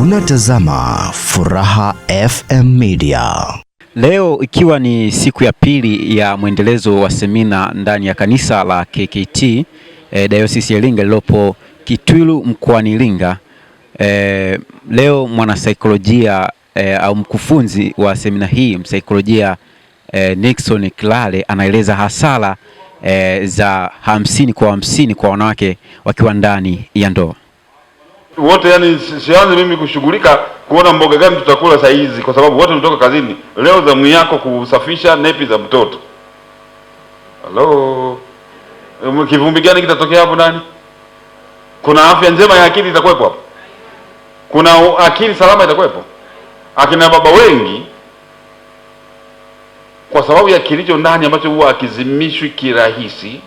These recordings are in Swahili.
Unatazama Furaha FM Media. Leo ikiwa ni siku ya pili ya mwendelezo wa semina ndani ya kanisa la KKT e, eh, Dayosisi ya Iringa lilopo Kitwilu mkoani Iringa. E, leo mwanasaikolojia e, au mkufunzi wa semina hii msaikolojia e, Nixon Kilale anaeleza hasara e, za hamsini kwa hamsini kwa wanawake wakiwa ndani ya ndoa wote yani, sianze mimi kushughulika kuona mboga gani tutakula saa hizi, kwa sababu wote mtoka kazini. Leo zamu yako kusafisha nepi za mtoto. Halo, um, kivumbi gani kitatokea hapo ndani? Kuna afya njema ya akili itakuwepo hapo? Kuna akili salama itakuwepo? Akina baba wengi kwa sababu ya kilicho ndani ambacho huwa akizimishwi kirahisi,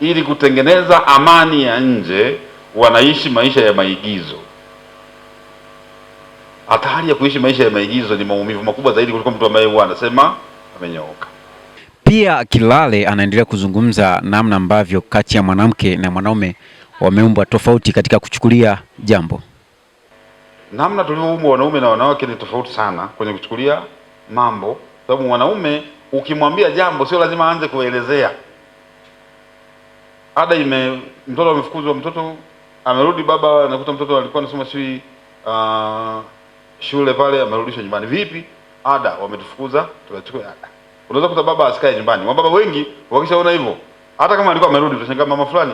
ili kutengeneza amani ya nje wanaishi maisha ya maigizo. Hatari ya kuishi maisha ya maigizo ni maumivu makubwa zaidi kuliko mtu ambaye huwa anasema amenyooka. Pia Kilale anaendelea kuzungumza namna ambavyo kati ya mwanamke na mwanaume wameumbwa tofauti katika kuchukulia jambo. Namna tulivyoumbwa wanaume na wanawake ni tofauti sana kwenye kuchukulia mambo, sababu mwanaume ukimwambia jambo sio lazima aanze kuelezea ada ime mtoto amefukuzwa, mtoto amerudi baba, anakuta mtoto alikuwa anasoma sijui uh, shule pale, amerudishwa nyumbani. Vipi ada wametufukuza, tunachukua ada. Unaweza kuta baba asikae nyumbani. Mababa wengi wakishaona hivyo, hata kama alikuwa amerudi, tutashangaa mama fulani,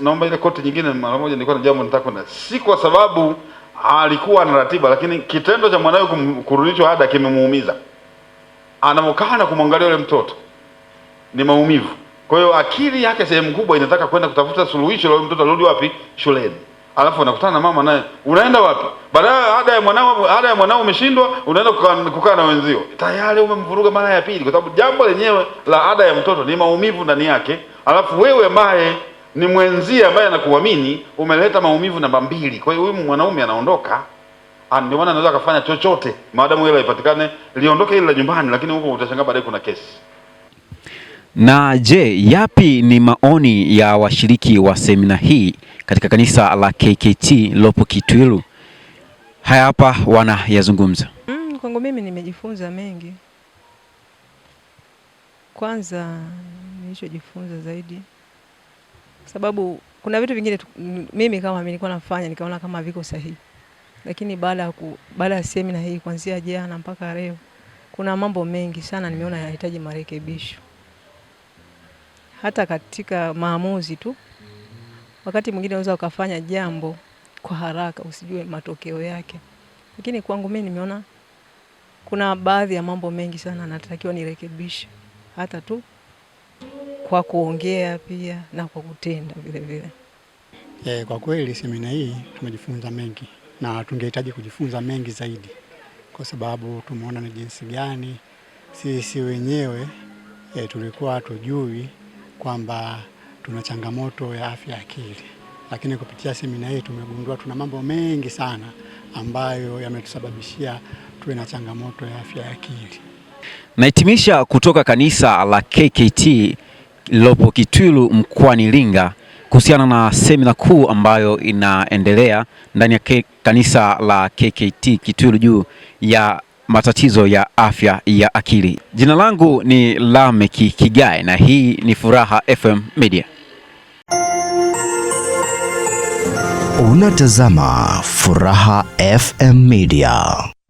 naomba ile koti nyingine mara moja, nilikuwa na jambo nataka kwenda, si kwa sababu alikuwa na ratiba, lakini kitendo cha mwanawe kurudishwa ada kimemuumiza. Anamokaa kumwangalia yule mtoto ni maumivu. Kwa hiyo akili yake sehemu kubwa inataka kwenda kutafuta suluhisho la mtoto alirudi wapi shuleni, alafu anakutana na mama naye, unaenda wapi? Baada ya ada ya mwanao, ada ya mwanao umeshindwa, unaenda kukaa na wenzio, tayari umemvuruga mara ya pili, kwa sababu jambo lenyewe la ada ya mtoto ni maumivu ndani yake, alafu wewe ambaye ni mwenzie ambaye anakuamini umeleta maumivu namba mbili. Kwa hiyo huyu mwanaume anaondoka, ah, ndio maana anaweza akafanya chochote maadamu hilo haipatikane, liondoke ile la nyumbani, lakini huko utashangaa baadaye kuna kesi. Na je, yapi ni maoni ya washiriki wa semina hii katika kanisa la KKT lopo Kitwiru? Haya hapa wanayazungumza. Mm, kwangu mimi nimejifunza mengi. Kwanza nilichojifunza zaidi, sababu kuna vitu vingine mimi kama nilikuwa nafanya nikaona kama viko sahihi, lakini baada ya baada ya semina hii kuanzia jana mpaka leo kuna mambo mengi sana nimeona yanahitaji marekebisho hata katika maamuzi tu. Wakati mwingine unaweza ukafanya jambo kwa haraka usijue matokeo yake, lakini kwangu mimi nimeona kuna baadhi ya mambo mengi sana natakiwa nirekebishe, hata tu kwa kuongea pia na kwa kutenda vilevile. E, eh, kwa kweli semina hii tumejifunza mengi na tungehitaji kujifunza mengi zaidi, kwa sababu tumeona ni jinsi gani sisi wenyewe e, tulikuwa hatujui kwamba tuna changamoto ya afya ya akili, lakini kupitia semina hii tumegundua tuna mambo mengi sana ambayo yametusababishia tuwe na changamoto ya afya ya akili. Nahitimisha kutoka kanisa la KKT lilopo Kitwilu mkoani Iringa kuhusiana na semina kuu ambayo inaendelea ndani ya kanisa la KKT Kitwilu juu ya matatizo ya afya ya akili. Jina langu ni Lameki Kigae na hii ni Furaha FM Media. Unatazama Furaha FM Media.